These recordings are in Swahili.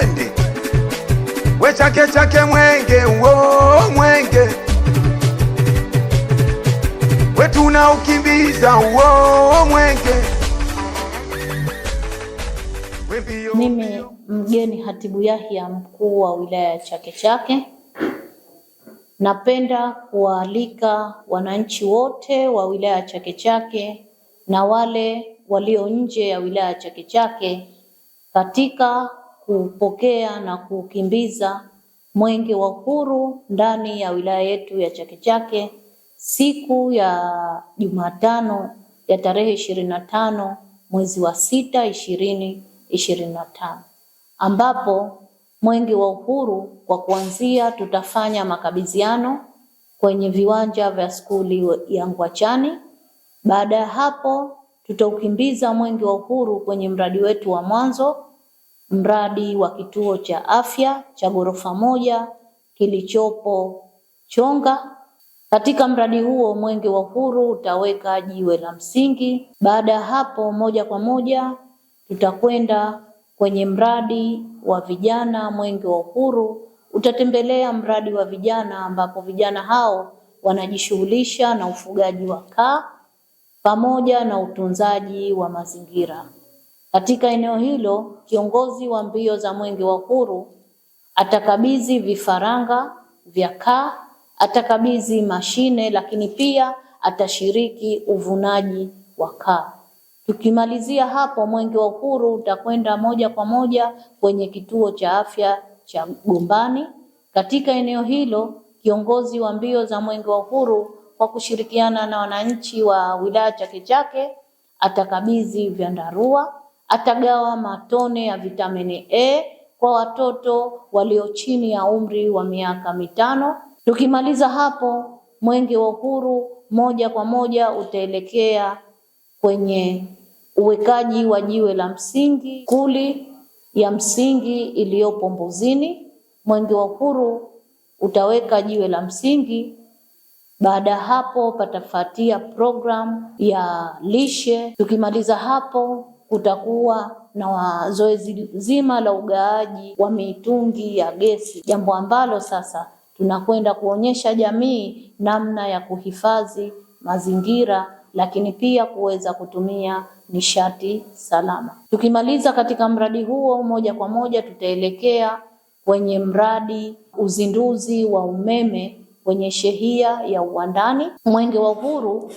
sipendi we chake chake mwenge wo mwenge we ukimbiza wo mwenge. Mimi mgeni Hatibu Yahya, mkuu wa wilaya ya Chake Chake, napenda kuwaalika wananchi wote wa wilaya ya Chake Chake na wale walio nje ya wilaya ya Chake Chake katika kupokea na kukimbiza mwenge wa uhuru ndani ya wilaya yetu ya Chake Chake siku ya Jumatano ya tarehe ishirini na tano mwezi wa sita ishirini ishirini na tano ambapo mwenge wa uhuru kwa kuanzia tutafanya makabidhiano kwenye viwanja vya skuli ya Ngwachani. Baada ya hapo, tutaukimbiza mwenge wa uhuru kwenye mradi wetu wa mwanzo Mradi wa kituo cha afya cha ghorofa moja kilichopo Chonga. Katika mradi huo Mwenge wa Uhuru utaweka jiwe la msingi. Baada ya hapo, moja kwa moja tutakwenda kwenye mradi wa vijana. Mwenge wa Uhuru utatembelea mradi wa vijana, ambapo vijana hao wanajishughulisha na ufugaji wa kaa pamoja na utunzaji wa mazingira. Katika eneo hilo, kiongozi wa mbio za Mwenge wa Uhuru atakabidhi vifaranga vya kaa, atakabidhi mashine, lakini pia atashiriki uvunaji wa kaa. Tukimalizia hapo, Mwenge wa Uhuru utakwenda moja kwa moja kwenye kituo cha afya cha Gombani. Katika eneo hilo, kiongozi wa mbio za Mwenge wa Uhuru kwa kushirikiana na wananchi wa wilaya Chake Chake atakabidhi vyandarua Atagawa matone ya vitamini A kwa watoto walio chini ya umri wa miaka mitano. Tukimaliza hapo, mwenge wa uhuru moja kwa moja utaelekea kwenye uwekaji wa jiwe la msingi kuli ya msingi iliyopo Mbuzini. Mwenge wa uhuru utaweka jiwe la msingi. Baada ya hapo, patafuatia programu ya lishe. Tukimaliza hapo kutakuwa na zoezi zima la ugaaji wa mitungi ya gesi, jambo ambalo sasa tunakwenda kuonyesha jamii namna ya kuhifadhi mazingira, lakini pia kuweza kutumia nishati salama. Tukimaliza katika mradi huo, moja kwa moja tutaelekea kwenye mradi uzinduzi wa umeme kwenye shehia ya Uwandani, Mwenge wa Uhuru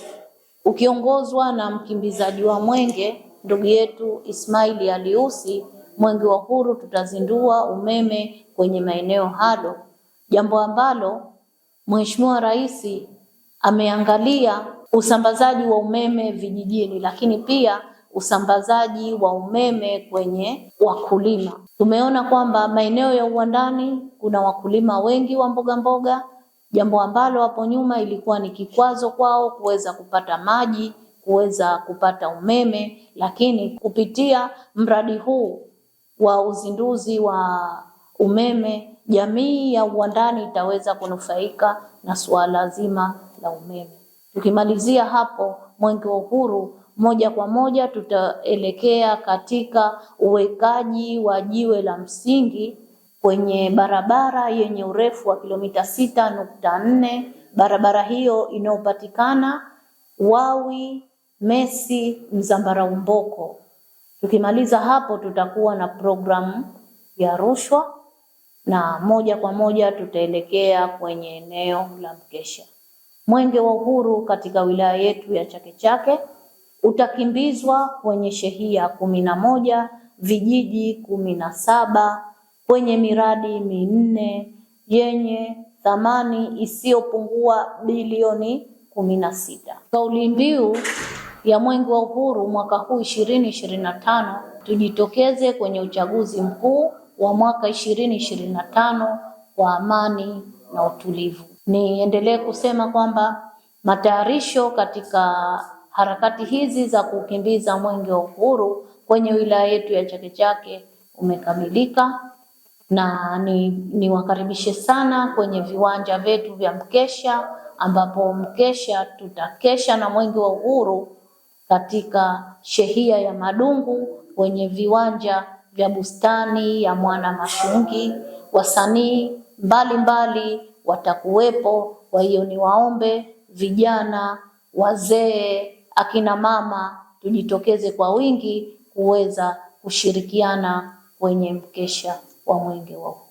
ukiongozwa na mkimbizaji wa mwenge ndugu yetu Ismaili Aliusi, mwenge wa uhuru tutazindua umeme kwenye maeneo hayo, jambo ambalo Mheshimiwa Rais ameangalia usambazaji wa umeme vijijini, lakini pia usambazaji wa umeme kwenye wakulima. Tumeona kwamba maeneo ya uwandani kuna wakulima wengi wa mboga mboga, jambo ambalo hapo nyuma ilikuwa ni kikwazo kwao kuweza kupata maji kuweza kupata umeme, lakini kupitia mradi huu wa uzinduzi wa umeme, jamii ya Uwandani itaweza kunufaika na suala zima la umeme. Tukimalizia hapo Mwenge wa Uhuru, moja kwa moja tutaelekea katika uwekaji wa jiwe la msingi kwenye barabara yenye urefu wa kilomita sita nukta nne. Barabara hiyo inayopatikana Wawi Messi Mzambarau Mboko. Tukimaliza hapo, tutakuwa na programu ya rushwa na moja kwa moja tutaelekea kwenye eneo la mkesha. Mwenge wa Uhuru katika wilaya yetu ya Chake Chake utakimbizwa kwenye shehia kumi na moja, vijiji kumi na saba kwenye miradi minne yenye thamani isiyopungua bilioni kumi na sita. Kauli mbiu ya Mwenge wa Uhuru mwaka huu ishirini ishirini na tano tujitokeze kwenye uchaguzi mkuu wa mwaka ishirini ishirini na tano kwa amani na utulivu. Niendelee kusema kwamba matayarisho katika harakati hizi za kukimbiza Mwenge wa Uhuru kwenye wilaya yetu ya Chake Chake umekamilika na ni niwakaribishe sana kwenye viwanja vyetu vya mkesha ambapo mkesha tutakesha na Mwenge wa Uhuru katika shehia ya Madungu kwenye viwanja vya bustani ya Mwana Mashungi. Wasanii mbalimbali watakuwepo, kwa hiyo niwaombe vijana, wazee, akina mama tujitokeze kwa wingi kuweza kushirikiana kwenye mkesha wa Mwenge wa Uhuru.